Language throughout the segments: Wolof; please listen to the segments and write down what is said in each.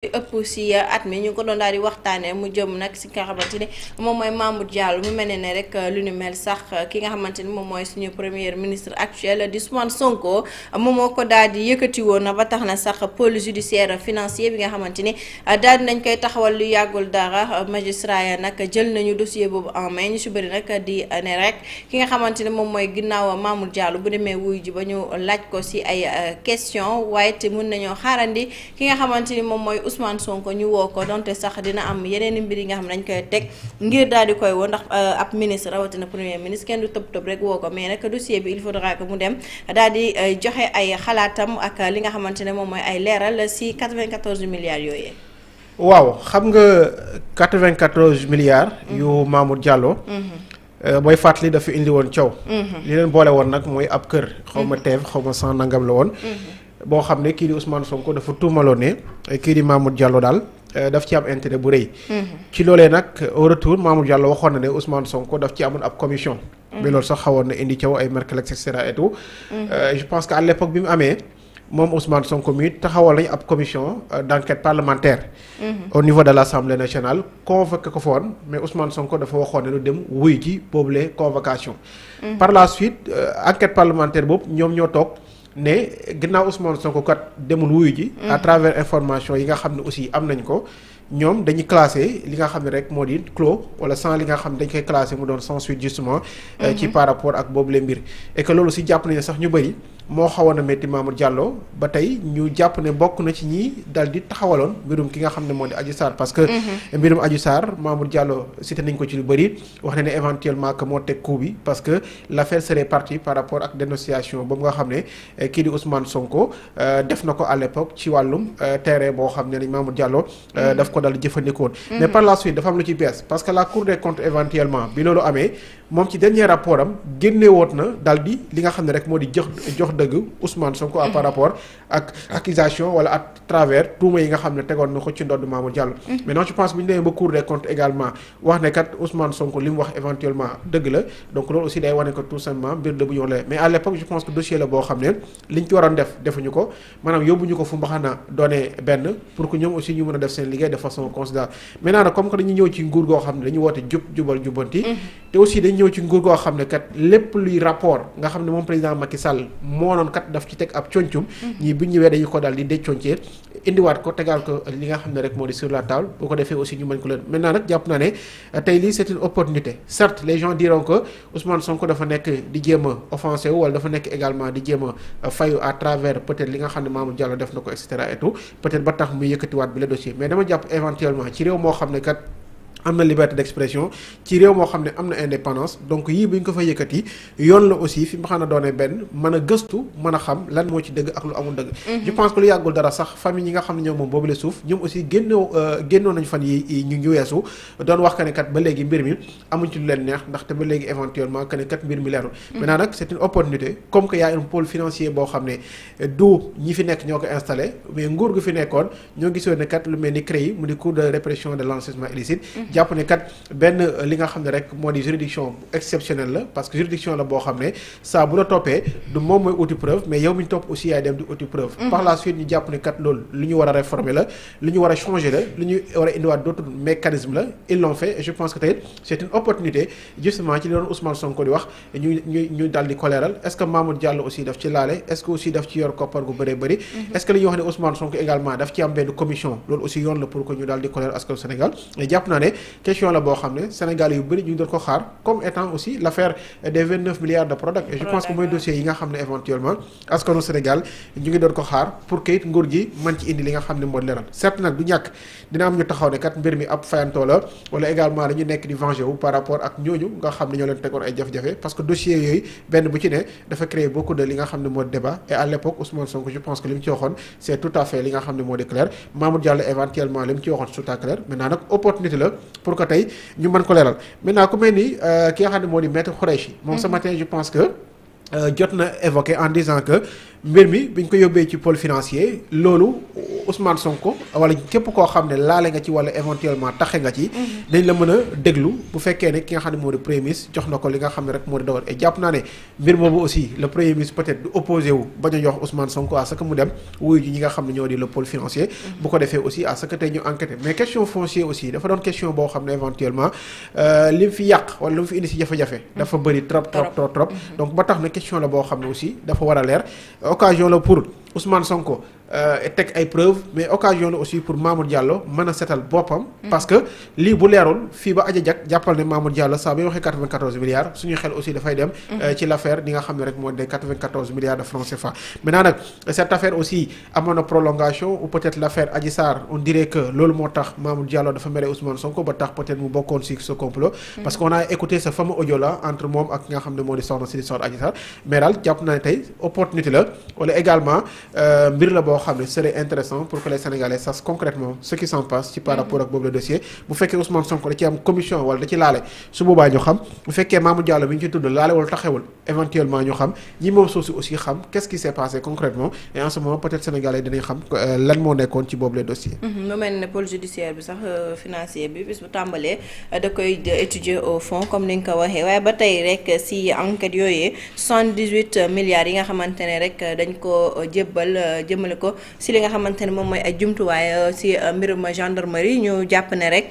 ëpp si euh, at mi ñu ko doon daal di waxtaanee mu jëm nag si nga xamante ni moom mooy Mamour Diallo mu mel ne rek euh, lu ni mel sax euh, ki nga xamante ni moom mooy suñu premier ministre actuel di Ousmane Sonko moom moo ko daal di yëkkati woon ba tax na sax pôle judiciaire financier bi nga xamante ni daal nañ koy taxawal lu yàggul dara magistrat ya nag jël nañu dossier boobu en main ñu si nag di ne rek ki nga xamante ni moom mooy ginnaaw Mamour Diallo bu demee wuy ji ba ñu laaj ko si ay question waaye it mun nañoo xaarandi ki nga xamante moom mooy Ousmane Sonko ñu woo ko donte sax dina am yeneen i mbir yi nga xam ne dañ koy teg ngir daal di koy woo ndax euh, ab ministre rawatina premier ministre kenn du tëb tëb rek woo ko mais nag dossier bi il faudra que mu dem daal di euh, joxe ay xalaatam ak li nga xamante ne moom mooy ay leeral si 94 milliards yooyee. waaw xam nga 94 milliards. Mm-hmm. yu Mamour Diallo. Mm-hmm. Euh, booy fàttali dafa indi woon coow. Mm-hmm. li leen boole woon nag mooy ab kër. xaw ma teef xaw ma san nangam la woon. boo xam ne kii di Ousmane Sonko dafa tuumaloo ne eh, kii di Mamour Diallo daal eh, daf ci am intérêt bu rëy. Mm-hmm. ci loolee nag au retour Mamour Diallo waxoon na ne Ousmane Sonko daf ci amoon ab commission. Mm-hmm. mais loolu sax xawoon na indi caw ay merkel et cetera mm-hmm. euh, je pense que à l' bi mu amee moom Ousmane Sonko mi taxawal nañu ab commission euh, d' enquête parlementaire. au niveau de l' assemblée nationale convoqué ko foon mais Ousmane Sonko dafa waxoon ne lu dem wuy ji boobule par la suite euh, enquête parlementaire boobu ñoom ñoo toog. ne ginnaaw Ousmane ko kat demul wuyu ji. Mm. à travers information yi nga xam ne aussi am nañ ko. ñoom dañuy classé li nga xam ne rek moo di clos wala sans li nga xam ne dañ koy classé mu doon sans suite justement. Mm-hmm. Euh, ci par rapport ak boobu le mbir et loolu si jàpp nañu sax ñu bëri. moo xawoon a metti Mamour Diallo ba tey ñu jàpp ne bokk na ci ñi dal di taxawaloon mbirum ki nga xam ne moo di aju Sarr parce que mhm. mbirum Adji Sarr Mamour Diallo cité nañ ko ci lu bëri wax na ne éventuellement que moo teg coup bi parce que l'affaire serait par rapport ak dénonciation boobu nga xam ne eh, kii di Ousmane Sonko eh, def na ko à l'époque ci wàllum eh, terrain boo xam ne nañ Mamour Diallo mhm. daf ko dal di jëfandikoon mais mhm. par la suite dafa am lu ci bees parce que la Cour des comptes éventuellement bi loolu amee moom ci dernier rapport génne woot na daal li nga xam ne rek moo di jox jox dëgg Ousmane Sonko par rapport ak accusation wala à travers tuuma yi nga xam ne tegoon na ko ci ndodd Mamour Diallo mm-hmm. maintenant je pense bu ñu demee ba Cour des comptes également wax ne kat Ousmane Sonko li wax éventuellement dëgg la donc loolu aussi day wane ko tout simplement mbir la bu ñu mais à l'époque je pense que dossier la boo xam ne liñ ci waroon def defuñu ko ko ñëw ci nguur goo xam ne kat lépp luy rapport nga xam ne moom président Macky Sall moo noon kat daf ci teg ab concum mhm. ñii bu ñu ñëwee dañu ko daal di déconcee indiwaat ko tegaal ko li nga xam ne rek moo di sur la table boo ko defee aussi ñu mën ko leen maintenant nag jàpp naa ne euh, tey lii c'est opportunité certes les gens diront que Ousmane Sonko dafa nekk di jéem a offensé wu wala dafa nekk également di jéem a euh, fayu à travers peut li nga xam ne Mamour Diallo na ko et cetera et tout peut-être ba tax muy yëkkatiwaat bi le dossier mais ne kat am na liberté d'expression ci réew moo xam ne am na indépendance donc yii bu ñu ko fa yëkkati yoon la aussi fi mu xam ne doone benn mën a gëstu mën a xam lan moo ci dëgg ak lu amul dëgg mhm. je pense que lu yàggul dara sax famille yi nga xam ne ñoom moom boobu la suuf ñoom aussi génnoo euh, génnoo nañ fan yi ñu ñu weesu doon wax que ne ba léegi mbir mi amuñ ci lu leen neex ndaxte ba léegi éventuellement que ne kat mbir mi leerul mhm. maintenant nag c'est une opportunité a un pôle financier ne euh, du ñi ñoo ko installé mais nguur gu fi nekkoon ñoo gisoon ne kat lu mel ni CREI mu di cour jàpp ne kat benn euh, li nga xam ne rek moo di juridiction exceptionnelle la parce que juridiction la boo xam ne saa bu la toppee du moom mooy uti preuve mais yow mi ñu topp aussi yaay dem di uti preuve mhm. par la suite ñu jàpp ne kat loolu lu ñu war a réformer la lu ñu war a changer la lu ñu war a indiwaat d'autres mécanismes la ils fait je pense que tey c'est opportunité justement ci li doon Ousmane Sonko di wax ñu ñu ñu di koleeral est-ce que Mamour Diallo aussi mhm. ne question la boo xam ne Sénégal yu bëri ñu ngi doon ko xaar comme étant aussi l' affaire des vingt neuf milliards de Prodac je pense que mooy dossier yi nga xam ne éventuellement askanu Sénégal ñu ngi doon ko xaar pour que it nguur gi mën ci indi li nga xam ne moo leeral certes nag du ñàkk dina am ñu taxaw ne kat mbir mi ab fayantoo la également dañu nekk di venger wu par rapport ak ñooñu nga xam ne ñoo leen tegoon ay jafe-jafe parce que dossier yooyu benn ne dafa créer beaucoup de li nga xam ne moo débat la pour que tey ñu mën ko leeral maintenant ku mel ni euh, ki nga moo di maître Khoureychi moom ce mm-hmm. matin je pense que euh, jot na évoqué en disant que mbir mi ñu ko yóbbee ci pôle financier loolu Ousmane Sonko wala képp koo xam ne laale nga ci wala éventuellement taxe nga ci. Mhm. dañ la mën a déglu bu fekkee ne ki nga xam ne moo di premier ministre jox na ko li nga xam ne rek moo di dogal et jàpp naa ne mbir boobu aussi le premier ministre peut-être du opposé wu bañ a jox Ousmane Sonko à ce que mu dem wuyu ñi nga xam ne ñoo di le pôle financier. Mhm. bu ko defee aussi à ce que tey ñu enquêté mais question foncière aussi dafa doon ne éventuellement euh, li fi yàq wala li fi indi si jafe dafa mhm. bëri trop trop trop trop ba tax na question la boo xam ne aussi dafa war leer. occasion la pour Ousmane Sonko euh, teg ay preuves mais occasion la aussi pour Mamour Diallo mën a setal boppam. Mm. parce que lii bu leerul fii ba aja jag jàppal ne Mamour Diallo saa bay waxee 94 milliards suñu xel aussi dafay dem. Mm-hmm. Euh, ne rek moo de 94 milliards de francs CFA. maintenant nag cette affaire aussi amoon na prolongation loolu moo tax Mamour Diallo dafa mere Ousmane Sonko ba tax peut-être mu bokkoon si ce complot. Mm-hmm. parce que on a écouté ce fameux audio là entre moom ak nga xam ne moo di soxna si di soxna Adji Sarr mais jàpp naa tey opportunité la wala également. Euh, mbir la boo xam ne serait intéressant pour que les sénégalais sachent concrètement ce qui s'en passe ci par mm-hmm. rapport ak boobu le dossier bu fekkee Ousmane Sonko da ci am commission wala da ci laale su boobaa ñu xam bu fekkee Mamour Diallo mi ñu ci tudd laale wala taxewul éventuellement ñu xam ñi moom suuf si aussi xam quest qui s'est passé concrètement en ce moment peut-être sénégalais dinañ xam euh, lan moo nekkoon ci boobu le dossier mm-hmm. mu mel euh, ni nga ko yóbbal euh, jëmale ko si li nga xamante ne moom mooy ay jumtuwaay euh, si euh, mbirum gendarmerie ñu jàpp ne rek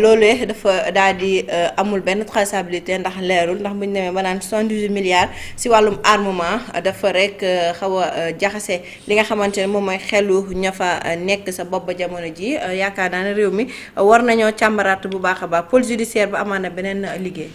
loolee dafa daal di amul benn traçabilité ndax leerul ndax bu ñu demee ba naan milliards si wàllum armement dafa rek xaw a jaxase li nga xamante ne moom mooy xelu ña fa nekk sa bopp ba jamono ji yaakaar naa ne réew mi war nañoo càmbaraat bu baax a baax pôle judiciaire ba amaan na beneen liggéey.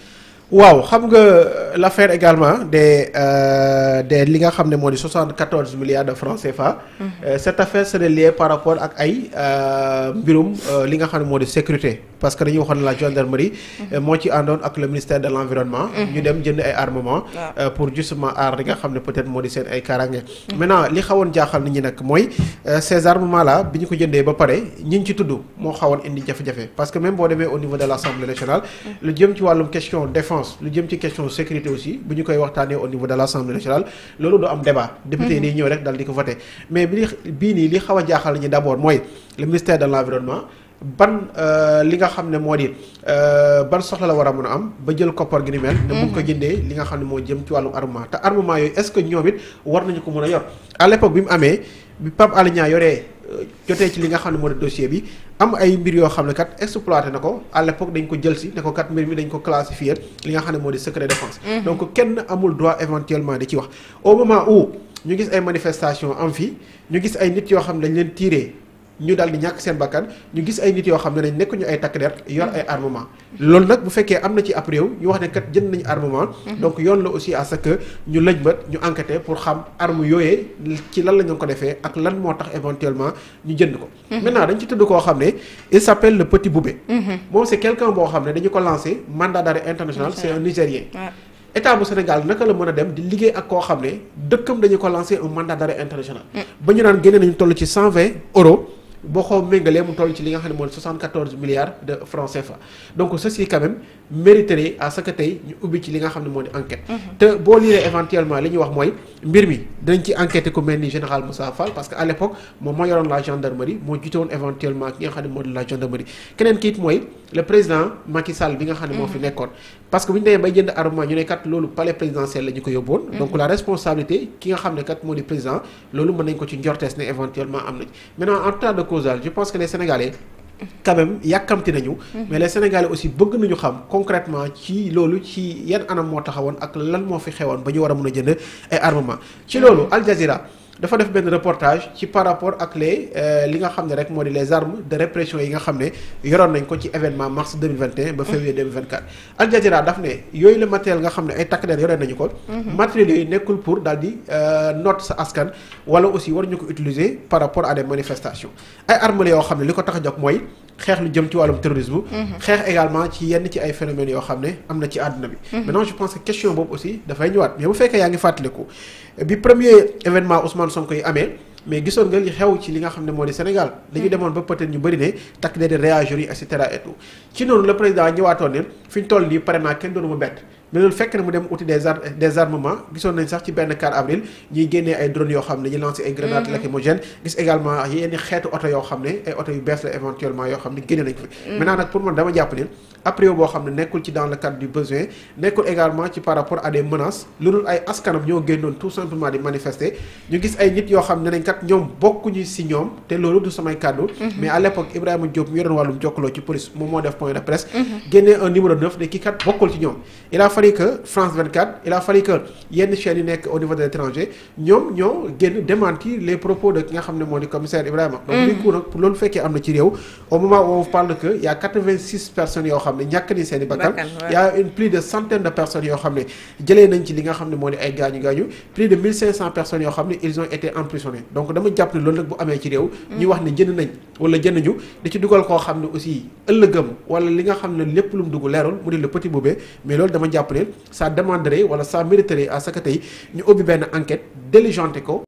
waaw xam nga euh, la affaire également des euh, des li nga xam ne moo di 74 milliards de francs fa mm-hmm. euh, cette affaire serait liée par rapport ak ay euh, mbirum li nga xam ne moo di sécurité. parce que dañuy waxoon la gendarmerie. Mhm. moo ci àndoon ak le ministère de l' environnement. Mhm. ñu dem jënd ay armement euh, pour justement aar li nga xam ne peut-être moo di seen ay kaaraange. Mhm. maintenant li xawoon jaaxal nit ñi nag mooy euh, ñu ko jëndee ba pare ñi ci tudd moo xawoon indi jafe parce que même boo demee au niveau de l' assemblée nationale. lu jëm ci wàllum question défense lu jëm ci question sécurité aussi bu ñu koy waxtaanee au niveau de l' assemblée nationale loolu du am débat. député yi ñëw rek dal di ko voté mais bi bii nii li xaw a jaaxal ñi d' mooy le ministère de l' ban euh, li nga xam ne moo di euh, ban soxla la war a mun a am ba jël koppar gi ni mel. ne bu ko mm-hmm. jëndee li nga xam ne moo jëm ci wàllum armement te armement yooyu est que ñoom it war nañu ko mën a yor à l'époque bi mu amee pap Pape Alé Niang yoree euh, jotee ci li nga xam ne moo di dossier bi am ay mbir yoo xam ne kat exploité na ko à l'époque dañ ko jël si ne ko kat mbir mi dañ ko classifié li nga xam ne moo di secret défense. Mm-hmm. donc kenn amul droit éventuellement di ci wax au moment où ñu gis ay manifestations am fii ñu gis ay nit yoo xam ne dañ leen tiré. ñu daal di ñàkk seen bakkan ñu gis ay nit yoo xam ne nañ nekk ay takk der yor mm. ay armement loolu nag bu fekkee am na ci ab réew ñu wax ne kat jënd nañu armement mm-hmm. donc yoon la aussi à ñu lëjbët ñu enquêter pour xam arme yooyee ci lan la ko defee ak lan moo tax éventuellement ñu jënd ko mm-hmm. maintenant dañ ci tudd koo xam ne il s'appelle le petit Boubé mm-hmm. moom c'est quelqu'un boo xam ne dañu ko lancé mandat d'arrêt international c'est un Nigérien état bu a dem di boo ko méngalee mu toll ci li nga xam ne mooy 74 milliards de francs CFA donc ceci quand même mériterait à ce tey ñu ubbi ci li nga xam ne moo di enquête mhm. te boo liiree éventuellement li ñuy wax mooy mbir mi dañ ci enquêté ku mel ni général Moussa Fall parce que à l'époque moom moo yoroon la gendarmerie moo jiite éventuellement ki nga xam ne moo di la gendarmerie keneen ki mooy le président Macky Sall bi nga xam ne moo fi mhm. nekkoon parce que bu ñu demee bay jënd armement ñu ne kat loolu palais présidentiel la ko yóbboon mhm. donc la responsabilité ne kat moo di président loolu mën nañ ko ne éventuellement am nañ maintenant en temps de causal je pense que les quand yàkkamti nañu. Mhm. mais les Sénégalais aussi bëgg nañu xam concretement ci loolu ci yan anam moo taxawoon ak lan moo fi xewoon ba ñu war a mën a jënd ay armement ci mhm. loolu Al dafa def benn reportage ci par rapport ak les euh, li nga xam ne rek moo di les armes de répression yi nga xam ne yoroon nañ ko ci événement mars 2021 ba février 2024 Al Jazeera daf ne yooyu la matériel nga xam ne ay takk der yoroon nañu ko mhm. matériel yooyu nekkul pour daal di euh, not sa askan wala aussi war ñu ko utiliser par rapport à des manifestations ay armes yoo xam ne li ko tax a jóg mooy xeex lu jëm ci wàllum terrorisme. Mhm. xeex également ci yenn ci ay phénomènes yoo xam ne am na ci àdduna bi. Mhm. maintenant je pense que question boobu aussi dafay ñëwaat mais bu fekkee yaa ngi fàttaliku bi premier événement Ousmane Sonko yi amee. mais gisoon nga li xew ci li nga xam ne moo di Sénégal dañu mhm. demoon ba peut-être ñu bëri ne takk na di réagir yi et tout ci noonu le président ñëwaatoon ne fi ñu toll nii pare naa kenn doonu bett mais loolu fekk na mu dem outil des ar des armements gisoon nañ sax ci benn 4 avril ñuy génnee ay drones yoo xam ne ñu lancé ay grenades mm-hmm. lacrymogènes gis également yenn xeetu oto yoo xam ne ay oto yu bees la éventuellement yoo xam ne génne nañ ko fi mm-hmm. maintenant nag man dama jàpp ne après ñu gis ay nit yoo xam ne nañ kat ñoom bokkuñu si ñoom te loolu du samay kàddu mm-hmm. mais à l'époque Ibrahima Diop mu yoroon wàllum jokkaloo ci police moom moo def point de presse génnee un numéro fallu que France il a fallu yenn chaînes yu nekk au de l'étranger ñoom ñoo génn démentir les propos de ki nga xam ne moo di commissaire Ibrahima. donc mm. du coup nag pour loolu fekkee am na ci réew. au moment où on parle que y a 86 personnes yoo xam ne ñàkk ni moo di ci mm. ne di ci dugal koo xam ne aussi ëllëgam wala li nga xam ne lépp lu dugg leerul mu di le petit boubé mais loolu dama jàpp jàpp ne ça demanderait wala sa mériterait à ce tey ñu ubbi benn enquête diligente ko